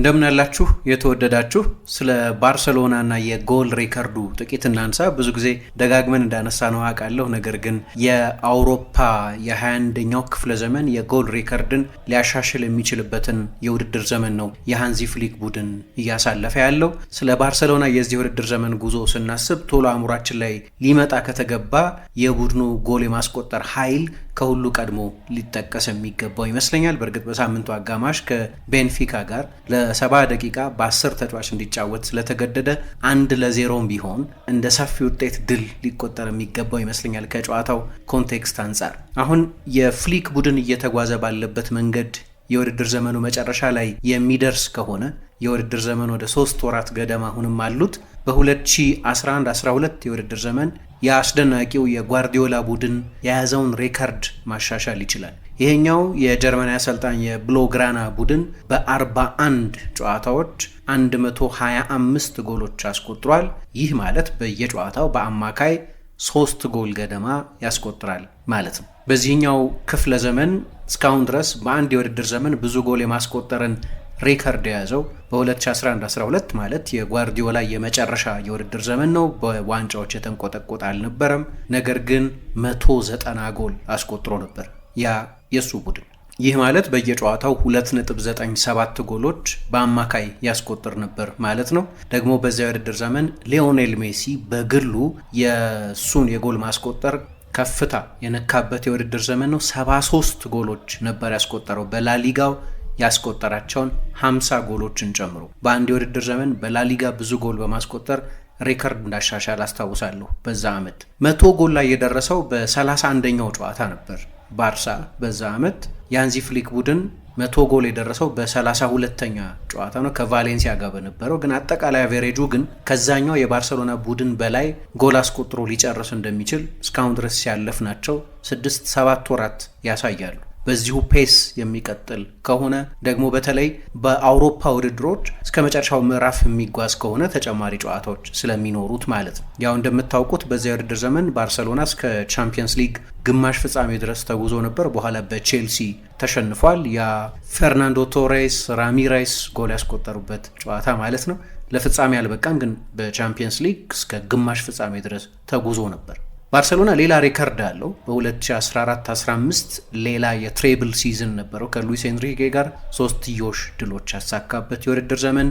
እንደምን የተወደዳችሁ፣ ስለ ባርሰሎና ና የጎል ሪከርዱ ጥቂት እናንሳ። ብዙ ጊዜ ደጋግመን እንዳነሳ ነው አውቃለሁ። ነገር ግን የአውሮፓ የ21ኛው ክፍለ ዘመን የጎል ሪከርድን ሊያሻሽል የሚችልበትን የውድድር ዘመን ነው የሃንዚ ፍሊክ ቡድን እያሳለፈ ያለው። ስለ ባርሰሎና የዚህ የውድድር ዘመን ጉዞ ስናስብ ቶሎ አእምሯችን ላይ ሊመጣ ከተገባ የቡድኑ ጎል የማስቆጠር ኃይል ከሁሉ ቀድሞ ሊጠቀስ የሚገባው ይመስለኛል። በእርግጥ በሳምንቱ አጋማሽ ከቤንፊካ ጋር ለሰባ ደቂቃ በአስር ተጫዋች እንዲጫወት ስለተገደደ አንድ ለዜሮም ቢሆን እንደ ሰፊ ውጤት ድል ሊቆጠር የሚገባው ይመስለኛል ከጨዋታው ኮንቴክስት አንጻር። አሁን የፍሊክ ቡድን እየተጓዘ ባለበት መንገድ የውድድር ዘመኑ መጨረሻ ላይ የሚደርስ ከሆነ የውድድር ዘመን ወደ ሶስት ወራት ገደማ አሁንም አሉት። በ2011/12 የውድድር ዘመን የአስደናቂው የጓርዲዮላ ቡድን የያዘውን ሬከርድ ማሻሻል ይችላል። ይሄኛው የጀርመን አሰልጣኝ የብሎግራና ቡድን በ41 ጨዋታዎች 125 ጎሎች አስቆጥሯል። ይህ ማለት በየጨዋታው በአማካይ ሶስት ጎል ገደማ ያስቆጥራል ማለት ነው። በዚህኛው ክፍለ ዘመን እስካሁን ድረስ በአንድ የውድድር ዘመን ብዙ ጎል የማስቆጠርን ሪከርድ የያዘው በ2011/12 ማለት የጓርዲዮላ የመጨረሻ የውድድር ዘመን ነው። በዋንጫዎች የተንቆጠቆጠ አልነበረም። ነገር ግን 190 ጎል አስቆጥሮ ነበር ያ የእሱ ቡድን። ይህ ማለት በየጨዋታው 2.97 ጎሎች በአማካይ ያስቆጥር ነበር ማለት ነው። ደግሞ በዚያ የውድድር ዘመን ሊዮኔል ሜሲ በግሉ የእሱን የጎል ማስቆጠር ከፍታ የነካበት የውድድር ዘመን ነው። 73 ጎሎች ነበር ያስቆጠረው በላሊጋው ያስቆጠራቸውን 50 ጎሎችን ጨምሮ በአንድ የውድድር ዘመን በላሊጋ ብዙ ጎል በማስቆጠር ሬከርድ እንዳሻሻል አስታውሳለሁ። በዛ ዓመት መቶ ጎል ላይ የደረሰው በ31ኛው ጨዋታ ነበር። ባርሳ በዛ ዓመት የአንዚ ፍሊክ ቡድን መቶ ጎል የደረሰው በ32ኛ ጨዋታ ነው ከቫሌንሲያ ጋር በነበረው ግን አጠቃላይ አቬሬጁ ግን ከዛኛው የባርሰሎና ቡድን በላይ ጎል አስቆጥሮ ሊጨርስ እንደሚችል እስካሁን ድረስ ሲያለፍ ናቸው ስድስት ሰባት ወራት ያሳያሉ። በዚሁ ፔስ የሚቀጥል ከሆነ ደግሞ በተለይ በአውሮፓ ውድድሮች እስከ መጨረሻው ምዕራፍ የሚጓዝ ከሆነ ተጨማሪ ጨዋታዎች ስለሚኖሩት ማለት ነው። ያው እንደምታውቁት በዚያ ውድድር ዘመን ባርሰሎና እስከ ቻምፒየንስ ሊግ ግማሽ ፍጻሜ ድረስ ተጉዞ ነበር። በኋላ በቼልሲ ተሸንፏል። ያ ፈርናንዶ ቶሬስ ራሚሬስ ጎል ያስቆጠሩበት ጨዋታ ማለት ነው። ለፍጻሜ አልበቃም፣ ግን በቻምፒየንስ ሊግ እስከ ግማሽ ፍጻሜ ድረስ ተጉዞ ነበር። ባርሰሎና ሌላ ሬከርድ አለው። በ2014-15 ሌላ የትሬብል ሲዝን ነበረው ከሉዊስ ኤንሪኬ ጋር ሶስትዮሽ ድሎች ያሳካበት የውድድር ዘመን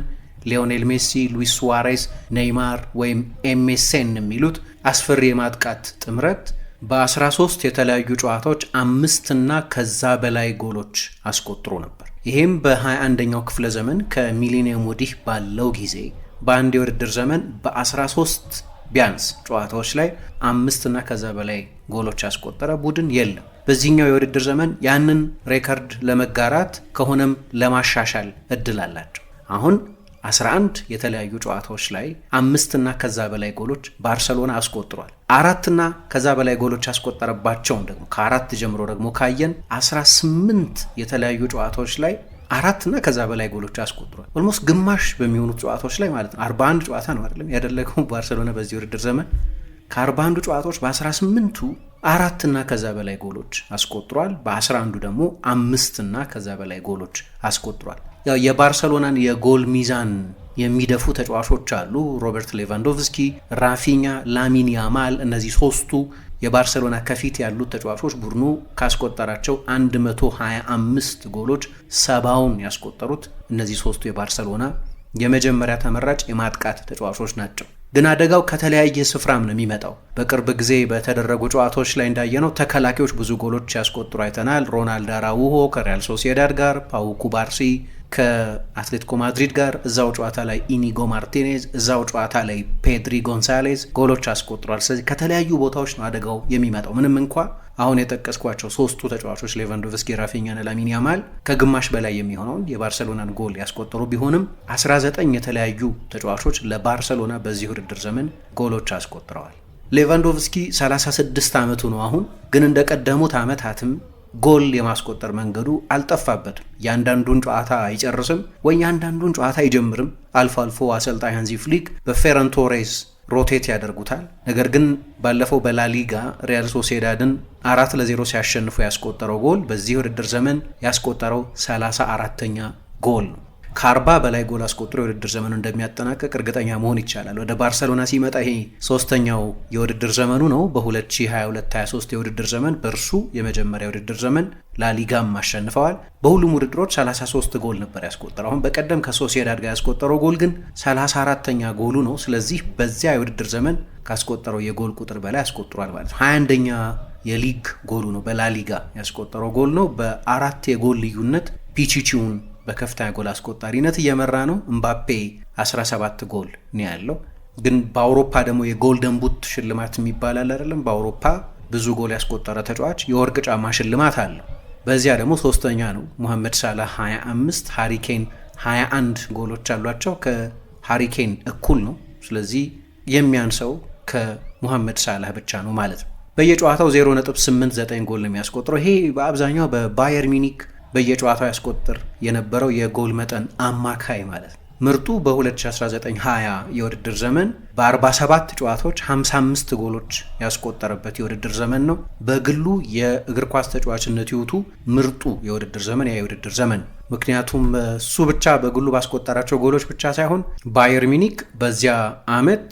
ሊዮኔል ሜሲ፣ ሉዊስ ሱዋሬስ፣ ኔይማር ወይም ኤምኤስኤን የሚሉት አስፈሪ የማጥቃት ጥምረት በ13 የተለያዩ ጨዋታዎች አምስትና ከዛ በላይ ጎሎች አስቆጥሮ ነበር። ይህም በ21ኛው ክፍለ ዘመን ከሚሊኒየም ወዲህ ባለው ጊዜ በአንድ የውድድር ዘመን በ13 ቢያንስ ጨዋታዎች ላይ እና ከዛ በላይ ጎሎች ያስቆጠረ ቡድን የለም። በዚህኛው የውድድር ዘመን ያንን ሬከርድ ለመጋራት ከሆነም ለማሻሻል እድል አላቸው። አሁን 11 የተለያዩ ጨዋታዎች ላይ አምስትና ከዛ በላይ ጎሎች ባርሰሎና አስቆጥሯል። አራትና ከዛ በላይ ጎሎች ያስቆጠረባቸውን ደግሞ ከአራት ጀምሮ ደግሞ ካየን 18 የተለያዩ ጨዋታዎች ላይ አራት እና ከዛ በላይ ጎሎች አስቆጥሯል። ኦልሞስት ግማሽ በሚሆኑ ጨዋታዎች ላይ ማለት ነው። 41 ጨዋታ ነው አይደለም ያደለገው ባርሰሎና በዚህ ውድድር ዘመን ከ41 ጨዋታዎች በ18ቱ አራት እና ከዛ በላይ ጎሎች አስቆጥሯል። በ1ስራአንዱ ደግሞ አምስት እና ከዛ በላይ ጎሎች አስቆጥሯል። ያው የባርሰሎናን የጎል ሚዛን የሚደፉ ተጫዋቾች አሉ። ሮበርት ሌቫንዶቭስኪ፣ ራፊኛ፣ ላሚን ያማል እነዚህ ሶስቱ የባርሰሎና ከፊት ያሉት ተጫዋቾች ቡድኑ ካስቆጠራቸው 125 ጎሎች ሰባውን ያስቆጠሩት እነዚህ ሶስቱ የባርሰሎና የመጀመሪያ ተመራጭ የማጥቃት ተጫዋቾች ናቸው። ግን አደጋው ከተለያየ ስፍራም ነው የሚመጣው። በቅርብ ጊዜ በተደረጉ ጨዋታዎች ላይ እንዳየነው ተከላካዮች ብዙ ጎሎች ያስቆጥሩ አይተናል። ሮናልድ አራውሆ ከሪያል ሶሲዳድ ጋር፣ ፓው ኩባርሲ ከአትሌቲኮ ማድሪድ ጋር እዛው ጨዋታ ላይ ኢኒጎ ማርቲኔዝ፣ እዛው ጨዋታ ላይ ፔድሪ ጎንሳሌዝ ጎሎች አስቆጥሯል። ስለዚህ ከተለያዩ ቦታዎች ነው አደጋው የሚመጣው። ምንም እንኳ አሁን የጠቀስኳቸው ሶስቱ ተጫዋቾች ሌቫንዶቭስኪ፣ ራፊኛና ላሚን ያማል ከግማሽ በላይ የሚሆነውን የባርሰሎናን ጎል ያስቆጠሩ ቢሆንም 19 የተለያዩ ተጫዋቾች ለባርሰሎና በዚህ ውድድር ዘመን ጎሎች አስቆጥረዋል። ሌቫንዶቭስኪ 36 ዓመቱ ነው አሁን ግን እንደ ቀደሙት ዓመታትም ጎል የማስቆጠር መንገዱ አልጠፋበትም። የአንዳንዱን ጨዋታ አይጨርስም ወይ የአንዳንዱን ጨዋታ አይጀምርም። አልፎ አልፎ አሰልጣኝ ሃንዚ ፍሊክ በፌረን ቶሬስ ሮቴት ያደርጉታል። ነገር ግን ባለፈው በላሊጋ ሪያል ሶሴዳድን አራት ለዜሮ ሲያሸንፉ ያስቆጠረው ጎል በዚህ ውድድር ዘመን ያስቆጠረው 34ተኛ ጎል ነው። ከአርባ በላይ ጎል አስቆጥሮ የውድድር ዘመኑ እንደሚያጠናቀቅ እርግጠኛ መሆን ይቻላል። ወደ ባርሰሎና ሲመጣ ይሄ ሶስተኛው የውድድር ዘመኑ ነው። በ2022/23 የውድድር ዘመን በእርሱ የመጀመሪያ የውድድር ዘመን ላሊጋም አሸንፈዋል። በሁሉም ውድድሮች 33 ጎል ነበር ያስቆጠረው። አሁን በቀደም ከሶሲዳድ ጋር ያስቆጠረው ጎል ግን 34ተኛ ጎሉ ነው። ስለዚህ በዚያ የውድድር ዘመን ካስቆጠረው የጎል ቁጥር በላይ ያስቆጥሯል ማለት ነው። 21ኛ የሊግ ጎሉ ነው፣ በላሊጋ ያስቆጠረው ጎል ነው። በአራት የጎል ልዩነት ፒቺቺውን በከፍተኛ ጎል አስቆጣሪነት እየመራ ነው። እምባፔ 17 ጎል ነው ያለው። ግን በአውሮፓ ደግሞ የጎልደን ቡት ሽልማት የሚባል አለ አይደለም? በአውሮፓ ብዙ ጎል ያስቆጠረ ተጫዋች የወርቅ ጫማ ሽልማት አለው። በዚያ ደግሞ ሶስተኛ ነው ሙሐመድ ሳላህ 25፣ ሃሪኬን 21 ጎሎች አሏቸው። ከሃሪኬን እኩል ነው። ስለዚህ የሚያንሰው ከሙሐመድ ሳላህ ብቻ ነው ማለት ነው። በየጨዋታው 0.89 ጎል ነው የሚያስቆጥረው። ይሄ በአብዛኛው በባየር ሚኒክ በየጨዋታው ያስቆጥር የነበረው የጎል መጠን አማካይ ማለት ነው። ምርጡ በ2019/20 የውድድር ዘመን በ47 ጨዋታዎች 55 ጎሎች ያስቆጠረበት የውድድር ዘመን ነው። በግሉ የእግር ኳስ ተጫዋችነት ህይወቱ ምርጡ የውድድር ዘመን ያ የውድድር ዘመን ምክንያቱም እሱ ብቻ በግሉ ባስቆጠራቸው ጎሎች ብቻ ሳይሆን ባየር ሚኒክ በዚያ አመት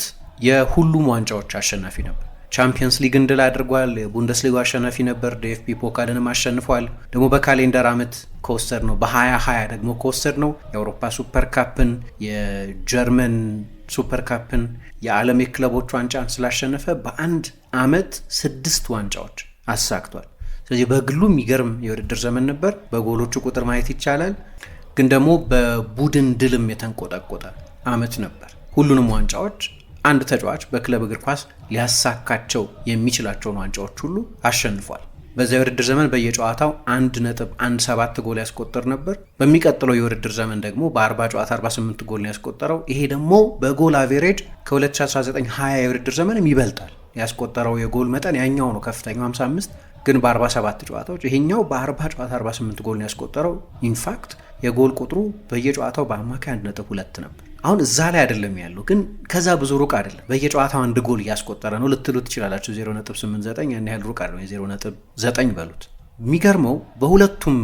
የሁሉም ዋንጫዎች አሸናፊ ነበር። ቻምፒየንስ ሊግ እንድል አድርጓል። የቡንደስሊጋው አሸናፊ ነበር። ዲኤፍቢ ፖካልንም አሸንፏል። ደግሞ በካሌንደር አመት ከወሰድ ነው በ2020 ደግሞ ከወሰድ ነው የአውሮፓ ሱፐር ካፕን፣ የጀርመን ሱፐር ካፕን፣ የዓለም የክለቦች ዋንጫን ስላሸነፈ በአንድ አመት ስድስት ዋንጫዎች አሳክቷል። ስለዚህ በግሉ የሚገርም የውድድር ዘመን ነበር። በጎሎቹ ቁጥር ማየት ይቻላል። ግን ደግሞ በቡድን ድልም የተንቆጠቆጠ አመት ነበር። ሁሉንም ዋንጫዎች አንድ ተጫዋች በክለብ እግር ኳስ ሊያሳካቸው የሚችላቸውን ዋንጫዎች ሁሉ አሸንፏል። በዚያ የውድድር ዘመን በየጨዋታው 1.17 ጎል ያስቆጠር ነበር። በሚቀጥለው የውድድር ዘመን ደግሞ በ40 ጨዋታ 48 ጎል ያስቆጠረው። ይሄ ደግሞ በጎል አቬሬጅ ከ2019/20 የውድድር ዘመንም ይበልጣል። ያስቆጠረው የጎል መጠን ያኛው ነው ከፍተኛው 55 ግን በ47 ጨዋታዎች ይሄኛው በ40 ጨዋታ 48 ጎል ያስቆጠረው ኢንፋክት የጎል ቁጥሩ በየጨዋታው በአማካይ አንድ ነጥብ ሁለት ነበር። አሁን እዛ ላይ አይደለም ያለው፣ ግን ከዛ ብዙ ሩቅ አይደለም። በየጨዋታው አንድ ጎል እያስቆጠረ ነው ልትሉ ትችላላችሁ። 0.89 ያን ያህል ሩቅ አይደለም፣ የ0.9 በሉት። የሚገርመው በሁለቱም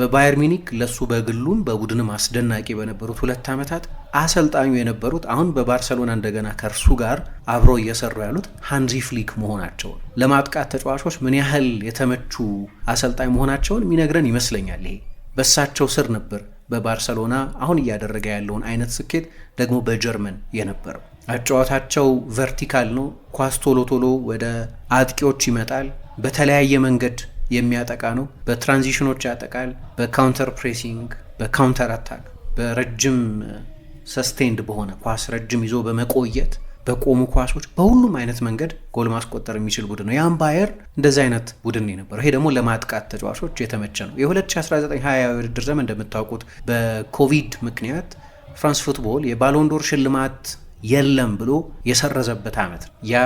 በባየር ሚኒክ ለሱ በግሉም በቡድንም አስደናቂ በነበሩት ሁለት ዓመታት አሰልጣኙ የነበሩት አሁን በባርሰሎና እንደገና ከእርሱ ጋር አብረው እየሰሩ ያሉት ሃንዚ ፍሊክ መሆናቸውን ለማጥቃት ተጫዋቾች ምን ያህል የተመቹ አሰልጣኝ መሆናቸውን የሚነግረን ይመስለኛል ይሄ በእሳቸው ስር ነበር በባርሰሎና አሁን እያደረገ ያለውን አይነት ስኬት ደግሞ በጀርመን የነበረው። አጨዋታቸው ቨርቲካል ነው። ኳስ ቶሎ ቶሎ ወደ አጥቂዎች ይመጣል። በተለያየ መንገድ የሚያጠቃ ነው። በትራንዚሽኖች ያጠቃል። በካውንተር ፕሬሲንግ፣ በካውንተር አታክ፣ በረጅም ሰስቴንድ በሆነ ኳስ ረጅም ይዞ በመቆየት በቆሙ ኳሶች በሁሉም አይነት መንገድ ጎል ማስቆጠር የሚችል ቡድን ነው። ያም ባየር እንደዚህ አይነት ቡድን የነበረው። ይሄ ደግሞ ለማጥቃት ተጫዋቾች የተመቸ ነው። የ2019/20 ውድድር ዘመን እንደምታውቁት በኮቪድ ምክንያት ፍራንስ ፉትቦል የባሎንዶር ሽልማት የለም ብሎ የሰረዘበት ዓመት ነው። ያ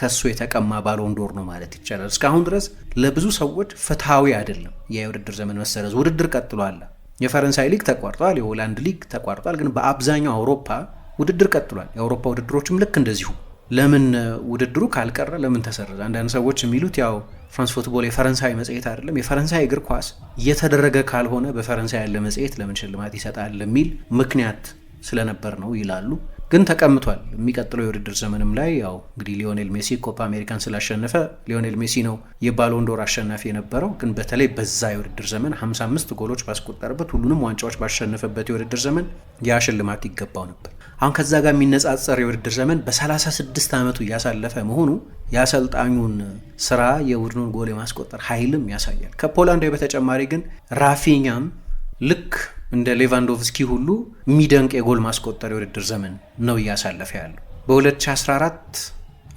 ከሱ የተቀማ ባሎንዶር ነው ማለት ይቻላል። እስካሁን ድረስ ለብዙ ሰዎች ፍትሐዊ አይደለም የውድድር ዘመን መሰረዝ። ውድድር ቀጥሏል። የፈረንሳይ ሊግ ተቋርጧል፣ የሆላንድ ሊግ ተቋርጧል። ግን በአብዛኛው አውሮፓ ውድድር ቀጥሏል። የአውሮፓ ውድድሮችም ልክ እንደዚሁ። ለምን ውድድሩ ካልቀረ ለምን ተሰረዘ? አንዳንድ ሰዎች የሚሉት ያው ፍራንስ ፉትቦል የፈረንሳይ መጽሔት አይደለም፣ የፈረንሳይ እግር ኳስ እየተደረገ ካልሆነ በፈረንሳይ ያለ መጽሔት ለምን ሽልማት ይሰጣል የሚል ምክንያት ስለነበር ነው ይላሉ። ግን ተቀምቷል። የሚቀጥለው የውድድር ዘመንም ላይ ያው እንግዲህ ሊዮኔል ሜሲ ኮፓ አሜሪካን ስላሸነፈ ሊዮኔል ሜሲ ነው የባሎንዶር አሸናፊ የነበረው። ግን በተለይ በዛ የውድድር ዘመን 55 ጎሎች ባስቆጠረበት ሁሉንም ዋንጫዎች ባሸነፈበት የውድድር ዘመን ያ ሽልማት ይገባው ነበር። አሁን ከዛ ጋር የሚነጻጸር የውድድር ዘመን በ36 ዓመቱ እያሳለፈ መሆኑ የአሰልጣኙን ስራ የቡድኑን ጎል የማስቆጠር ኃይልም ያሳያል። ከፖላንዳዊ በተጨማሪ ግን ራፊኛም ልክ እንደ ሌቫንዶቭስኪ ሁሉ የሚደንቅ የጎል ማስቆጠር የውድድር ዘመን ነው እያሳለፈ ያለው። በ2014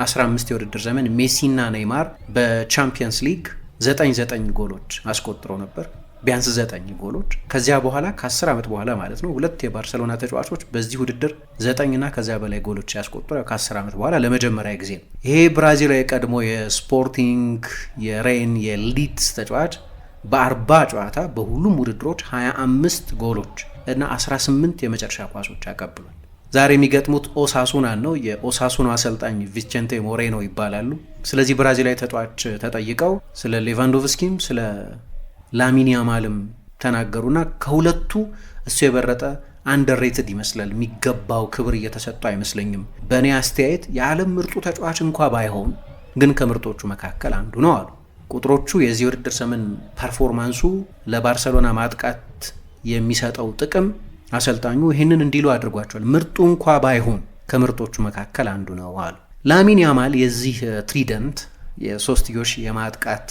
15 የውድድር ዘመን ሜሲና ኔይማር በቻምፒየንስ ሊግ 99 ጎሎች አስቆጥረው ነበር፣ ቢያንስ 9 ጎሎች። ከዚያ በኋላ ከ10 ዓመት በኋላ ማለት ነው ሁለት የባርሰሎና ተጫዋቾች በዚህ ውድድር 9ና ከዚያ በላይ ጎሎች ያስቆጥሩ ከ10 ዓመት በኋላ ለመጀመሪያ ጊዜ ነው። ይሄ ብራዚላዊ የቀድሞ የስፖርቲንግ የሬን የሊድስ ተጫዋች በአርባ ጨዋታ በሁሉም ውድድሮች 25 ጎሎች እና 18 የመጨረሻ ኳሶች አቀብሏል። ዛሬ የሚገጥሙት ኦሳሱና ነው። የኦሳሱና አሰልጣኝ ቪቼንቴ ሞሬኖ ይባላሉ። ስለዚህ ብራዚላዊ ተጫዋች ተጠይቀው ስለ ሌቫንዶቭስኪም ስለ ላሚን ያማልም ተናገሩና ከሁለቱ እሱ የበረጠ አንደርሬትድ ይመስላል፣ የሚገባው ክብር እየተሰጠው አይመስለኝም። በእኔ አስተያየት የዓለም ምርጡ ተጫዋች እንኳ ባይሆን ግን ከምርጦቹ መካከል አንዱ ነው አሉ። ቁጥሮቹ የዚህ ውድድር ዘመን ፐርፎርማንሱ ለባርሰሎና ማጥቃት የሚሰጠው ጥቅም አሰልጣኙ ይህንን እንዲሉ አድርጓቸዋል። ምርጡ እንኳ ባይሆን ከምርጦቹ መካከል አንዱ ነው አሉ። ላሚን ያማል የዚህ ትሪደንት የሶስትዮሽ የማጥቃት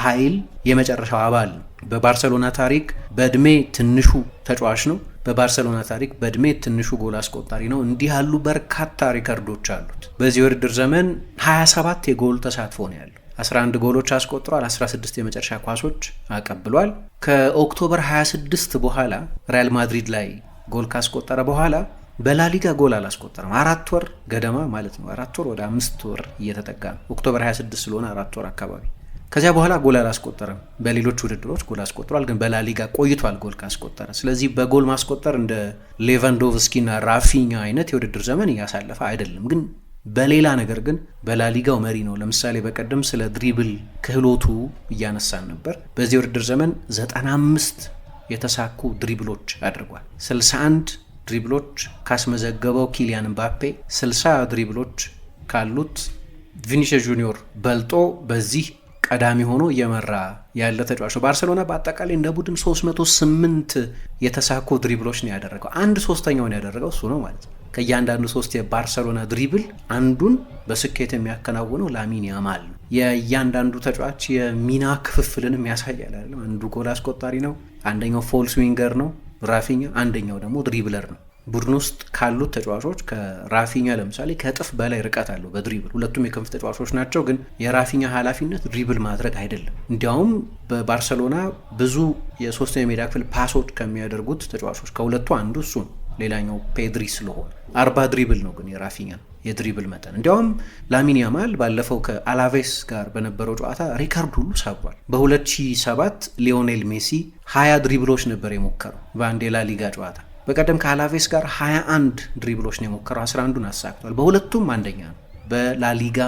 ኃይል የመጨረሻው አባል በባርሰሎና ታሪክ በእድሜ ትንሹ ተጫዋች ነው። በባርሰሎና ታሪክ በእድሜ ትንሹ ጎል አስቆጣሪ ነው። እንዲህ ያሉ በርካታ ሪከርዶች አሉት። በዚህ ውድድር ዘመን 27 የጎል ተሳትፎ ነው ያለው። 11 ጎሎች አስቆጥሯል። 16 የመጨረሻ ኳሶች አቀብሏል። ከኦክቶበር 26 በኋላ ሪያል ማድሪድ ላይ ጎል ካስቆጠረ በኋላ በላሊጋ ጎል አላስቆጠረም። አራት ወር ገደማ ማለት ነው። አራት ወር ወደ አምስት ወር እየተጠጋ ነው። ኦክቶበር 26 ስለሆነ አራት ወር አካባቢ ከዚያ በኋላ ጎል አላስቆጠረም። በሌሎች ውድድሮች ጎል አስቆጥሯል፣ ግን በላሊጋ ቆይቷል ጎል ካስቆጠረ። ስለዚህ በጎል ማስቆጠር እንደ ሌቫንዶቭስኪና ራፊኛ አይነት የውድድር ዘመን እያሳለፈ አይደለም ግን በሌላ ነገር ግን በላሊጋው መሪ ነው። ለምሳሌ በቀደም ስለ ድሪብል ክህሎቱ እያነሳን ነበር። በዚህ ውድድር ዘመን 95 የተሳኩ ድሪብሎች አድርጓል። 61 ድሪብሎች ካስመዘገበው ኪሊያን ምባፔ 60 ድሪብሎች ካሉት ቪኒሽ ጁኒዮር በልጦ በዚህ ቀዳሚ ሆኖ እየመራ ያለ ተጫዋች ነው። ባርሴሎና በአጠቃላይ እንደ ቡድን 308 የተሳኩ ድሪብሎች ነው ያደረገው። አንድ ሶስተኛውን ያደረገው እሱ ነው ማለት ነው። ከእያንዳንዱ ሶስት የባርሰሎና ድሪብል አንዱን በስኬት የሚያከናውነው ላሚን ያማል ነው። የእያንዳንዱ ተጫዋች የሚና ክፍፍልንም ያሳያል። አንዱ ጎል አስቆጣሪ ነው፣ አንደኛው ፎልስ ዊንገር ነው ራፊኛ፣ አንደኛው ደግሞ ድሪብለር ነው። ቡድን ውስጥ ካሉት ተጫዋቾች ከራፊኛ ለምሳሌ ከእጥፍ በላይ ርቀት አለው በድሪብል። ሁለቱም የክንፍ ተጫዋቾች ናቸው፣ ግን የራፊኛ ኃላፊነት ድሪብል ማድረግ አይደለም። እንዲያውም በባርሰሎና ብዙ የሶስተኛ ሜዳ ክፍል ፓሶች ከሚያደርጉት ተጫዋቾች ከሁለቱ አንዱ እሱ ነው። ሌላኛው ፔድሪ ስለሆነ አርባ ድሪብል ነው ግን የራፊኛ የድሪብል መጠን እንዲያውም ላሚን ያማል ባለፈው ከአላቬስ ጋር በነበረው ጨዋታ ሪከርድ ሁሉ ሰብሯል። በ2007 ሊዮኔል ሜሲ 20 ድሪብሎች ነበር የሞከረው በአንድ የላሊጋ ጨዋታ። በቀደም ከአላቬስ ጋር 21 ድሪብሎች ነው የሞከረው፣ 11ዱን አሳክቷል። በሁለቱም አንደኛ ነው በላሊጋ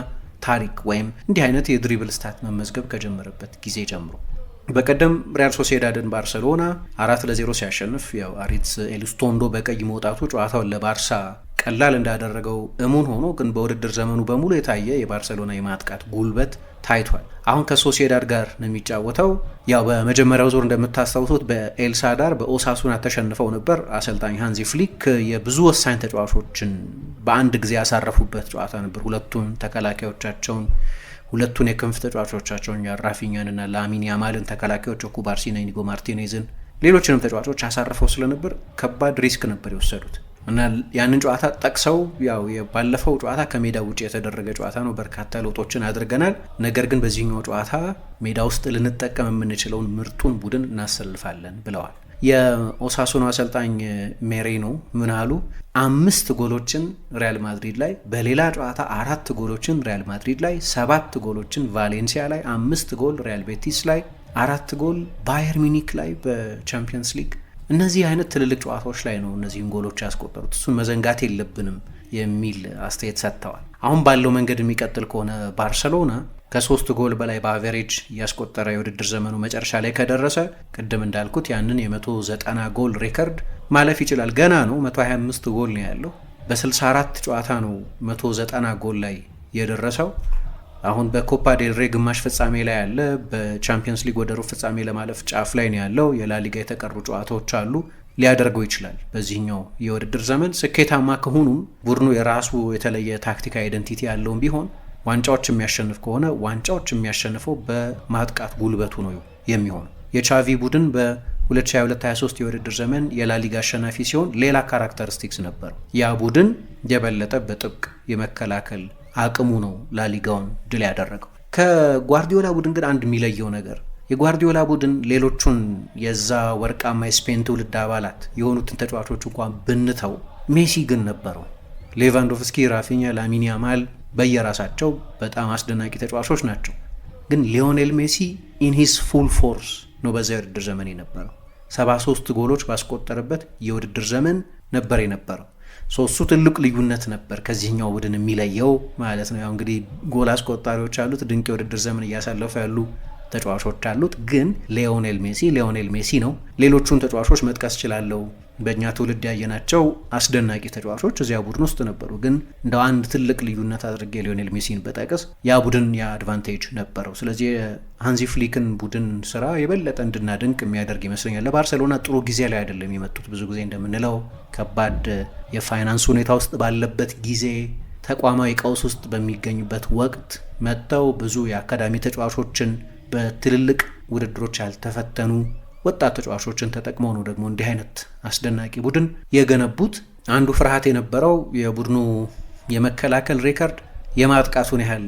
ታሪክ ወይም እንዲህ አይነት የድሪብል ስታት መመዝገብ ከጀመረበት ጊዜ ጀምሮ በቀደም ሪያል ሶሲዳድን ባርሰሎና አራት ለዜሮ ሲያሸንፍ ያው አሪት ኤሊስቶንዶ በቀይ መውጣቱ ጨዋታውን ለባርሳ ቀላል እንዳደረገው እሙን ሆኖ ግን በውድድር ዘመኑ በሙሉ የታየ የባርሰሎና የማጥቃት ጉልበት ታይቷል። አሁን ከሶሲዳድ ጋር ነው የሚጫወተው። ያው በመጀመሪያው ዙር እንደምታስታውሱት በኤልሳዳር በኦሳሱና ተሸንፈው ነበር። አሰልጣኝ ሃንዚ ፍሊክ የብዙ ወሳኝ ተጫዋቾችን በአንድ ጊዜ ያሳረፉበት ጨዋታ ነበር። ሁለቱን ተከላካዮቻቸውን ሁለቱን የክንፍ ተጫዋቾቻቸውን ራፊኛንና ላሚን ያማልን ተከላካዮች ኩባርሲና ኢኒጎ ማርቲኔዝን ሌሎችንም ተጫዋቾች አሳርፈው ስለነበር ከባድ ሪስክ ነበር የወሰዱት። እና ያንን ጨዋታ ጠቅሰው ያው ባለፈው ጨዋታ ከሜዳ ውጭ የተደረገ ጨዋታ ነው። በርካታ ለውጦችን አድርገናል። ነገር ግን በዚህኛው ጨዋታ ሜዳ ውስጥ ልንጠቀም የምንችለውን ምርጡን ቡድን እናሰልፋለን ብለዋል። የኦሳሱኖ አሰልጣኝ ሜሬኖ ምን አሉ? አምስት ጎሎችን ሪያል ማድሪድ ላይ፣ በሌላ ጨዋታ አራት ጎሎችን ሪያል ማድሪድ ላይ፣ ሰባት ጎሎችን ቫሌንሲያ ላይ፣ አምስት ጎል ሪያል ቤቲስ ላይ፣ አራት ጎል ባየር ሚኒክ ላይ በቻምፒየንስ ሊግ እነዚህ አይነት ትልልቅ ጨዋታዎች ላይ ነው እነዚህን ጎሎች ያስቆጠሩት። እሱን መዘንጋት የለብንም የሚል አስተያየት ሰጥተዋል። አሁን ባለው መንገድ የሚቀጥል ከሆነ ባርሰሎና ከሶስት ጎል በላይ በአቨሬጅ እያስቆጠረ የውድድር ዘመኑ መጨረሻ ላይ ከደረሰ ቅድም እንዳልኩት ያንን የ190 ጎል ሬከርድ ማለፍ ይችላል። ገና ነው። 125 ጎል ነው ያለው። በ64 ጨዋታ ነው 190 ጎል ላይ የደረሰው። አሁን በኮፓ ዴልሬ ግማሽ ፍጻሜ ላይ ያለ፣ በቻምፒየንስ ሊግ ወደ ሩብ ፍጻሜ ለማለፍ ጫፍ ላይ ነው ያለው። የላሊጋ የተቀሩ ጨዋታዎች አሉ። ሊያደርገው ይችላል። በዚህኛው የውድድር ዘመን ስኬታማ ከሆኑም ቡድኑ የራሱ የተለየ ታክቲክ አይደንቲቲ ያለውም ቢሆን ዋንጫዎች የሚያሸንፍ ከሆነ ዋንጫዎች የሚያሸንፈው በማጥቃት ጉልበቱ ነው የሚሆን። የቻቪ ቡድን በ2022/23 የውድድር ዘመን የላሊጋ አሸናፊ ሲሆን ሌላ ካራክተሪስቲክስ ነበር። ያ ቡድን የበለጠ በጥብቅ የመከላከል አቅሙ ነው ላሊጋውን ድል ያደረገው። ከጓርዲዮላ ቡድን ግን አንድ የሚለየው ነገር የጓርዲዮላ ቡድን ሌሎቹን የዛ ወርቃማ የስፔን ትውልድ አባላት የሆኑትን ተጫዋቾች እንኳን ብንተው ሜሲ ግን ነበረው። ሌቫንዶቭስኪ፣ ራፊኛ፣ ላሚን ያማል በየራሳቸው በጣም አስደናቂ ተጫዋቾች ናቸው። ግን ሊዮኔል ሜሲ ኢንሂስ ፉል ፎርስ ነው በዛ የውድድር ዘመን የነበረው። 73 ጎሎች ባስቆጠረበት የውድድር ዘመን ነበር የነበረው። እሱ ትልቅ ልዩነት ነበር ከዚህኛው ቡድን የሚለየው ማለት ነው። ያው እንግዲህ ጎል አስቆጣሪዎች አሉት፣ ድንቅ የውድድር ዘመን እያሳለፉ ያሉ ተጫዋቾች አሉት። ግን ሊዮኔል ሜሲ ሊዮኔል ሜሲ ነው። ሌሎቹን ተጫዋቾች መጥቀስ እችላለሁ በእኛ ትውልድ ያየናቸው አስደናቂ ተጫዋቾች እዚያ ቡድን ውስጥ ነበሩ። ግን እንደ አንድ ትልቅ ልዩነት አድርጌ ሊዮኔል ሜሲን በጠቅስ ያ ቡድን የአድቫንቴጅ ነበረው። ስለዚህ የሃንዚ ፍሊክን ቡድን ስራ የበለጠ እንድናደንቅ የሚያደርግ ይመስለኛል። ለባርሴሎና ጥሩ ጊዜ ላይ አይደለም የመጡት። ብዙ ጊዜ እንደምንለው ከባድ የፋይናንስ ሁኔታ ውስጥ ባለበት ጊዜ ተቋማዊ ቀውስ ውስጥ በሚገኙበት ወቅት መጥተው ብዙ የአካዳሚ ተጫዋቾችን በትልልቅ ውድድሮች ያልተፈተኑ ወጣት ተጫዋቾችን ተጠቅመው ነው ደግሞ እንዲህ አይነት አስደናቂ ቡድን የገነቡት። አንዱ ፍርሃት የነበረው የቡድኑ የመከላከል ሬከርድ የማጥቃቱን ያህል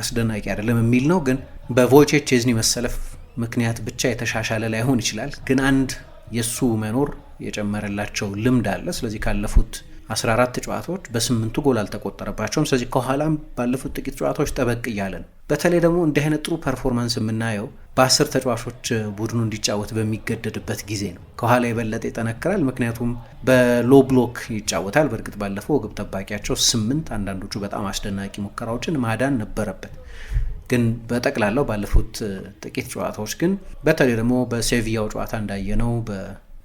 አስደናቂ አይደለም የሚል ነው። ግን በቮቼች የዝኒ መሰለፍ ምክንያት ብቻ የተሻሻለ ላይሆን ይችላል። ግን አንድ የእሱ መኖር የጨመረላቸው ልምድ አለ። ስለዚህ ካለፉት 14 ጨዋታዎች በስምንቱ ጎል አልተቆጠረባቸውም። ስለዚህ ከኋላም ባለፉት ጥቂት ጨዋታዎች ጠበቅ እያለ ነው። በተለይ ደግሞ እንዲህ አይነት ጥሩ ፐርፎርማንስ የምናየው በአስር ተጫዋቾች ቡድኑ እንዲጫወት በሚገደድበት ጊዜ ነው። ከኋላ የበለጠ ይጠነክራል። ምክንያቱም በሎ ብሎክ ይጫወታል። በእርግጥ ባለፈው ግብ ጠባቂያቸው ስምንት አንዳንዶቹ በጣም አስደናቂ ሙከራዎችን ማዳን ነበረበት። ግን በጠቅላላው ባለፉት ጥቂት ጨዋታዎች ግን በተለይ ደግሞ በሴቪያው ጨዋታ እንዳየነው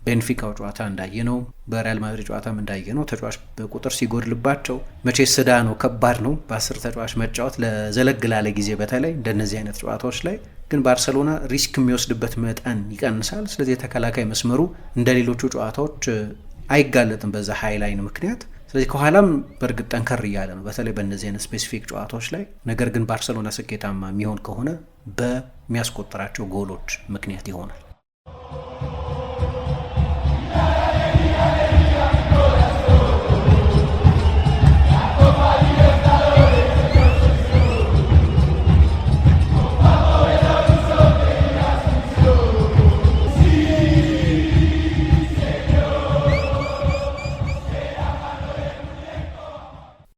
ቤንፊካው ጨዋታ እንዳየ ነው፣ በሪያል ማድሪድ ጨዋታም እንዳየ ነው። ተጫዋች በቁጥር ሲጎድልባቸው መቼ ስዳ ነው ከባድ ነው በአስር ተጫዋች መጫወት ለዘለግ ላለ ጊዜ በተለይ እንደነዚህ አይነት ጨዋታዎች ላይ ግን ባርሰሎና ሪስክ የሚወስድበት መጠን ይቀንሳል። ስለዚህ የተከላካይ መስመሩ እንደ ሌሎቹ ጨዋታዎች አይጋለጥም በዛ ሃይላይን ምክንያት። ስለዚህ ከኋላም በእርግጥ ጠንከር እያለ ነው በተለይ በእነዚህ አይነት ስፔሲፊክ ጨዋታዎች ላይ። ነገር ግን ባርሰሎና ስኬታማ የሚሆን ከሆነ በሚያስቆጠራቸው ጎሎች ምክንያት ይሆናል።